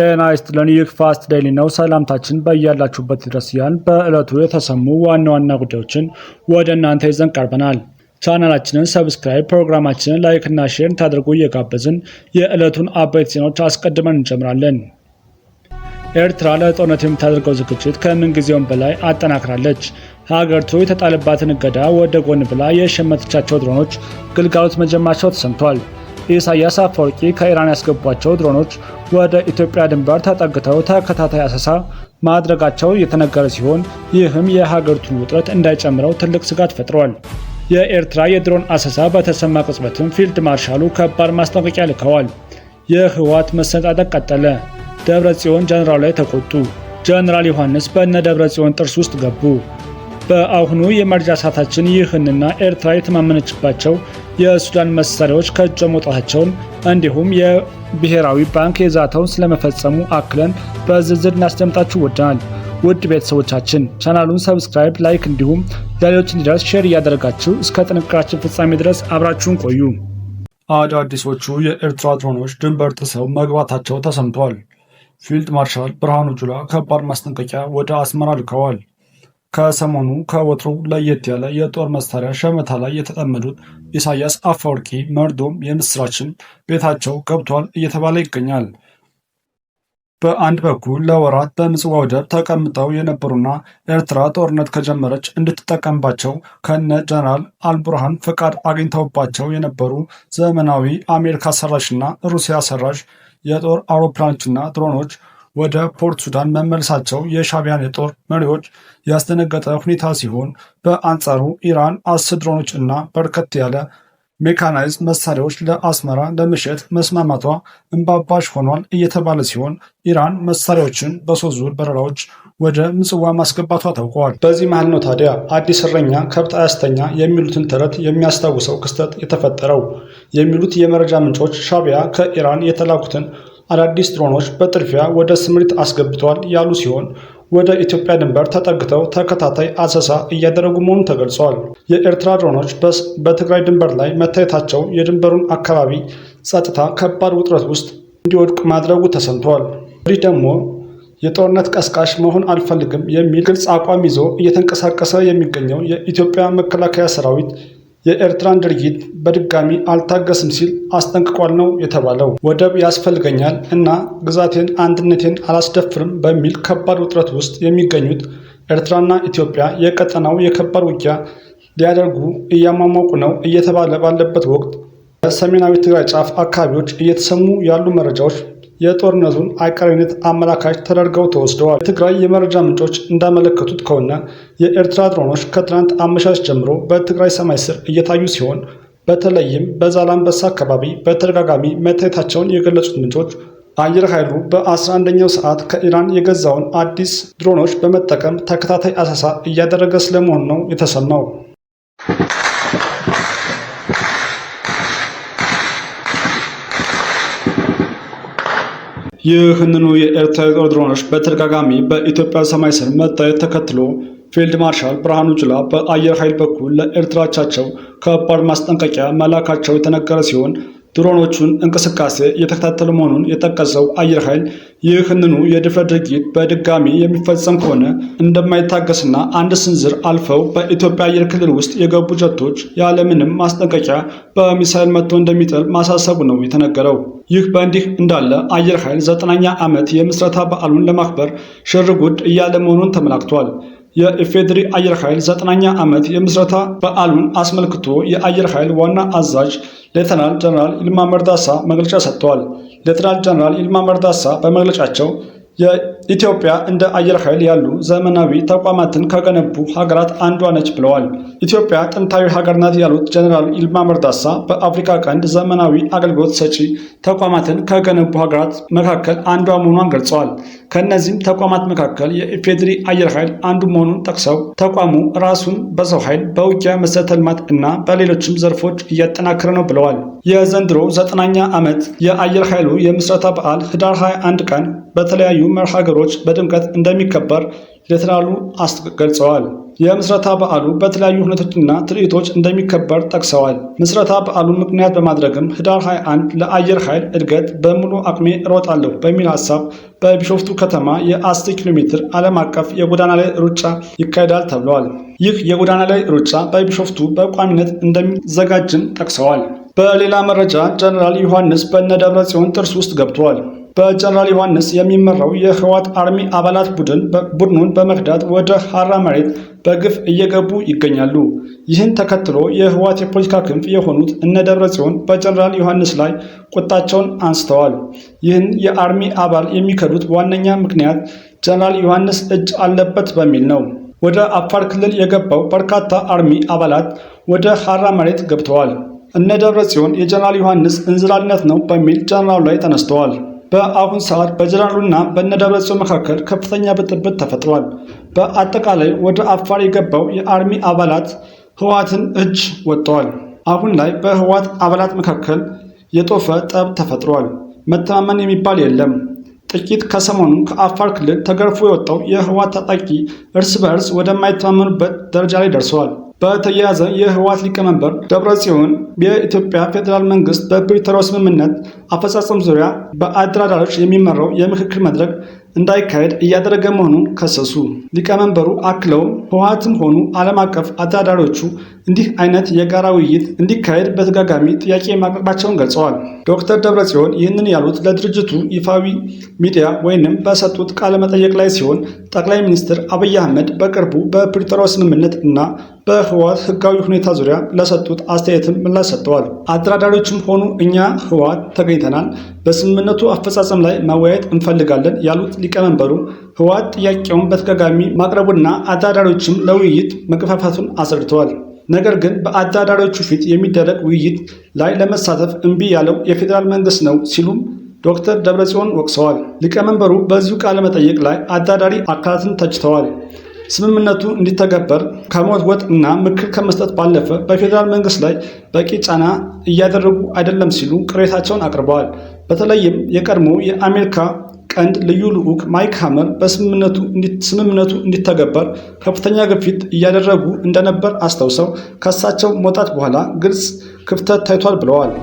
ጤና ይስጥልን። ይህ ፋስት ዴይሊ ነው። ሰላምታችን በያላችሁበት ድረስ ያን በዕለቱ የተሰሙ ዋና ዋና ጉዳዮችን ወደ እናንተ ይዘን ቀርበናል። ቻናላችንን ሰብስክራይብ፣ ፕሮግራማችንን ላይክ እና ሼር ታደርጉ እየጋበዝን የዕለቱን አበይት ዜናዎች አስቀድመን እንጀምራለን። ኤርትራ ለጦርነት የምታደርገው ዝግጅት ከምን በላይ አጠናክራለች። ሀገሪቱ የተጣለባትን እገዳ ወደ ጎን ብላ የሸመተቻቸው ድሮኖች ግልጋሎት መጀመራቸው ተሰምቷል። ኢሳያስ አፈወርቂ ከኢራን ያስገቧቸው ድሮኖች ወደ ኢትዮጵያ ድንበር ተጠግተው ተከታታይ አሰሳ ማድረጋቸው የተነገረ ሲሆን ይህም የሀገሪቱን ውጥረት እንዳይጨምረው ትልቅ ስጋት ፈጥሯል። የኤርትራ የድሮን አሰሳ በተሰማ ቅጽበትም ፊልድ ማርሻሉ ከባድ ማስጠንቀቂያ ልከዋል። የህወሓት መሰንጣጠቅ ቀጠለ። ደብረ ጽዮን ጀኔራሉ ላይ ተቆጡ። ጀኔራል ዮሐንስ በእነ ደብረ ጽዮን ጥርስ ውስጥ ገቡ። በአሁኑ የመረጃ ሰዓታችን ይህንና ኤርትራ የተማመነችባቸው የሱዳን መሳሪያዎች ከእጅ መውጣታቸውን እንዲሁም የብሔራዊ ባንክ የዛተውን ስለመፈጸሙ አክለን በዝርዝር እናስደምጣችሁ ወደናል። ውድ ቤተሰቦቻችን ቻናሉን ሰብስክራይብ፣ ላይክ እንዲሁም ለሌሎች እንዲደርስ ሼር እያደረጋችሁ እስከ ጥንቅራችን ፍጻሜ ድረስ አብራችሁን ቆዩ። አዳዲሶቹ የኤርትራ ድሮኖች ድንበር ጥሰው መግባታቸው ተሰምቷል። ፊልድ ማርሻል ብርሃኑ ጁላ ከባድ ማስጠንቀቂያ ወደ አስመራ ልከዋል። ከሰሞኑ ከወትሮ ለየት ያለ የጦር መሳሪያ ሸመታ ላይ የተጠመዱት ኢሳያስ አፈወርቂ መርዶም የምስራችን ቤታቸው ገብቷል እየተባለ ይገኛል። በአንድ በኩል ለወራት በምጽዋ ወደብ ተቀምጠው የነበሩና ኤርትራ ጦርነት ከጀመረች እንድትጠቀምባቸው ከነ ጀነራል አልቡርሃን ፈቃድ አግኝተውባቸው የነበሩ ዘመናዊ አሜሪካ ሰራሽና ሩሲያ ሰራሽ የጦር አውሮፕላኖችና ድሮኖች ወደ ፖርት ሱዳን መመለሳቸው የሻቢያን የጦር መሪዎች ያስደነገጠ ሁኔታ ሲሆን፣ በአንጻሩ ኢራን አስር ድሮኖች እና በርከት ያለ ሜካናይዝ መሳሪያዎች ለአስመራ ለመሸጥ መስማማቷ እምባባሽ ሆኗል እየተባለ ሲሆን ኢራን መሳሪያዎችን በሶስት ዙር በረራዎች ወደ ምጽዋ ማስገባቷ ታውቀዋል። በዚህ መሀል ነው ታዲያ አዲስ እረኛ ከብት አያስተኛ የሚሉትን ተረት የሚያስታውሰው ክስተት የተፈጠረው የሚሉት የመረጃ ምንጮች ሻቢያ ከኢራን የተላኩትን አዳዲስ ድሮኖች በጥድፊያ ወደ ስምሪት አስገብተዋል ያሉ ሲሆን ወደ ኢትዮጵያ ድንበር ተጠግተው ተከታታይ አሰሳ እያደረጉ መሆኑን ተገልጿል። የኤርትራ ድሮኖች በትግራይ ድንበር ላይ መታየታቸው የድንበሩን አካባቢ ጸጥታ ከባድ ውጥረት ውስጥ እንዲወድቅ ማድረጉ ተሰምተዋል። ወዲህ ደግሞ የጦርነት ቀስቃሽ መሆን አልፈልግም የሚል ግልጽ አቋም ይዞ እየተንቀሳቀሰ የሚገኘው የኢትዮጵያ መከላከያ ሰራዊት የኤርትራን ድርጊት በድጋሚ አልታገስም ሲል አስጠንቅቋል ነው የተባለው። ወደብ ያስፈልገኛል እና ግዛቴን፣ አንድነቴን አላስደፍርም በሚል ከባድ ውጥረት ውስጥ የሚገኙት ኤርትራና ኢትዮጵያ የቀጠናው የከባድ ውጊያ ሊያደርጉ እያሟሟቁ ነው እየተባለ ባለበት ወቅት በሰሜናዊ ትግራይ ጫፍ አካባቢዎች እየተሰሙ ያሉ መረጃዎች የጦርነቱን አቃሪነት አመላካች ተደርገው ተወስደዋል። የትግራይ የመረጃ ምንጮች እንዳመለከቱት ከሆነ የኤርትራ ድሮኖች ከትናንት አመሻሽ ጀምሮ በትግራይ ሰማይ ስር እየታዩ ሲሆን በተለይም በሳ አካባቢ በተደጋጋሚ መታየታቸውን የገለጹት ምንጮች አየር ኃይሉ በ11ኛው ሰዓት ከኢራን የገዛውን አዲስ ድሮኖች በመጠቀም ተከታታይ አሰሳ እያደረገ ስለመሆኑ ነው የተሰማው። ይህንኑ የኤርትራ የጦር ድሮኖች በተደጋጋሚ በኢትዮጵያ ሰማይ ስር መታየት ተከትሎ ፊልድ ማርሻል ብርሃኑ ጁላ በአየር ኃይል በኩል ለኤርትራቻቸው ከባድ ማስጠንቀቂያ መላካቸው የተነገረ ሲሆን ድሮኖቹን እንቅስቃሴ እየተከታተለ መሆኑን የጠቀሰው አየር ኃይል ይህንኑ የድፍረት ድርጊት በድጋሚ የሚፈጸም ከሆነ እንደማይታገስና አንድ ስንዝር አልፈው በኢትዮጵያ አየር ክልል ውስጥ የገቡ ጀቶች ያለምንም ማስጠንቀቂያ በሚሳይል መጥቶ እንደሚጥል ማሳሰቡ ነው የተነገረው። ይህ በእንዲህ እንዳለ አየር ኃይል ዘጠናኛ ዓመት የምስረታ በዓሉን ለማክበር ሽርጉድ እያለ መሆኑን ተመላክቷል። የኢፌድሪ አየር ኃይል ዘጠናኛ ዓመት የምስረታ በዓሉን አስመልክቶ የአየር ኃይል ዋና አዛዥ ሌተናል ጀነራል ይልማ መርዳሳ መግለጫ ሰጥተዋል። ሌተናል ጀነራል ይልማ መርዳሳ በመግለጫቸው ኢትዮጵያ እንደ አየር ኃይል ያሉ ዘመናዊ ተቋማትን ከገነቡ ሀገራት አንዷ ነች ብለዋል። ኢትዮጵያ ጥንታዊ ሀገር ናት ያሉት ጀኔራል ይልማ መርዳሳ በአፍሪካ ቀንድ ዘመናዊ አገልግሎት ሰጪ ተቋማትን ከገነቡ ሀገራት መካከል አንዷ መሆኗን ገልጸዋል። ከእነዚህም ተቋማት መካከል የኢፌድሪ አየር ኃይል አንዱ መሆኑን ጠቅሰው ተቋሙ ራሱን በሰው ኃይል፣ በውጊያ መሰረተ ልማት እና በሌሎችም ዘርፎች እያጠናከረ ነው ብለዋል። የዘንድሮ ዘጠናኛ ዓመት የአየር ኃይሉ የምስረታ በዓል ህዳር 21 ቀን በተለያዩ መርሃ ግብሮች በድምቀት እንደሚከበር ሌተናሉ ገልጸዋል። የምስረታ በዓሉ በተለያዩ ሁነቶችና ትርኢቶች እንደሚከበር ጠቅሰዋል። ምስረታ በዓሉን ምክንያት በማድረግም ህዳር 21 ለአየር ኃይል እድገት በሙሉ አቅሜ እሮጣለሁ በሚል ሀሳብ በቢሾፍቱ ከተማ የ10 ኪሎ ሜትር ዓለም አቀፍ የጎዳና ላይ ሩጫ ይካሄዳል ተብለዋል። ይህ የጎዳና ላይ ሩጫ በቢሾፍቱ በቋሚነት እንደሚዘጋጅም ጠቅሰዋል። በሌላ መረጃ ጀነራል ዮሐንስ በነደብረ ጽዮን ጥርስ ውስጥ ገብተዋል። በጀነራል ዮሐንስ የሚመራው የህወሓት አርሚ አባላት ቡድን ቡድኑን በመክዳት ወደ ሀራ መሬት በግፍ እየገቡ ይገኛሉ። ይህን ተከትሎ የህወሓት የፖለቲካ ክንፍ የሆኑት እነ ደብረ ጽዮን በጀነራል ዮሐንስ ላይ ቁጣቸውን አንስተዋል። ይህን የአርሚ አባል የሚከዱት ዋነኛ ምክንያት ጀነራል ዮሐንስ እጅ አለበት በሚል ነው። ወደ አፋር ክልል የገባው በርካታ አርሚ አባላት ወደ ሀራ መሬት ገብተዋል። እነ ደብረ ጽዮን የጀነራል ዮሐንስ እንዝላልነት ነው በሚል ጀነራሉ ላይ ተነስተዋል። በአሁን ሰዓት በጀራሉና በነደብረጽዮን መካከል ከፍተኛ ብጥብጥ ተፈጥሯል። በአጠቃላይ ወደ አፋር የገባው የአርሚ አባላት ህወሓትን እጅ ወጥተዋል። አሁን ላይ በህወሓት አባላት መካከል የጦፈ ጠብ ተፈጥሯል። መተማመን የሚባል የለም። ጥቂት ከሰሞኑ ከአፋር ክልል ተገርፎ የወጣው የህወሓት ታጣቂ እርስ በእርስ ወደማይተማመኑበት ደረጃ ላይ ደርሰዋል። በተያያዘ የህወሓት ሊቀመንበር ጽዮን የኢትዮጵያ ፌዴራል መንግስት በፕሪቶሪያው ስምምነት አፈጻጸም ዙሪያ በአደራዳሪዎች የሚመራው የምክክር መድረክ እንዳይካሄድ እያደረገ መሆኑን ከሰሱ። ሊቀመንበሩ አክለው ህወሓትም ሆኑ ዓለም አቀፍ አደራዳሪዎቹ እንዲህ አይነት የጋራ ውይይት እንዲካሄድ በተደጋጋሚ ጥያቄ ማቅረባቸውን ገልጸዋል። ዶክተር ደብረጽዮን ይህንን ያሉት ለድርጅቱ ይፋዊ ሚዲያ ወይንም በሰጡት ቃለ መጠየቅ ላይ ሲሆን ጠቅላይ ሚኒስትር አብይ አህመድ በቅርቡ በፕሪቶሪያው ስምምነት እና በህወሓት ህጋዊ ሁኔታ ዙሪያ ለሰጡት አስተያየትም ምላሽ ሰጥተዋል። አደራዳሪዎችም ሆኑ እኛ ህወሓት ተገኝተናል፣ በስምምነቱ አፈጻጸም ላይ መወያየት እንፈልጋለን ያሉት ሊቀመንበሩ ህወሓት ጥያቄውን በተደጋጋሚ ማቅረቡና አደራዳሪዎችም ለውይይት መገፋፋቱን አስረድተዋል። ነገር ግን በአዳዳሪዎቹ ፊት የሚደረግ ውይይት ላይ ለመሳተፍ እምቢ ያለው የፌዴራል መንግስት ነው ሲሉም ዶክተር ደብረጽዮን ወቅሰዋል። ሊቀመንበሩ በዚሁ ቃለ መጠይቅ ላይ አዳዳሪ አካላትን ተችተዋል። ስምምነቱ እንዲተገበር ወጥ እና ምክር ከመስጠት ባለፈ በፌዴራል መንግስት ላይ በቂ ጫና እያደረጉ አይደለም ሲሉ ቅሬታቸውን አቅርበዋል። በተለይም የቀድሞ የአሜሪካ ቀንድ ልዩ ልዑክ ማይክ ሐመር ስምምነቱ እንዲተገበር ከፍተኛ ግፊት እያደረጉ እንደነበር አስታውሰው ከእሳቸው መውጣት በኋላ ግልጽ ክፍተት ታይቷል ብለዋል።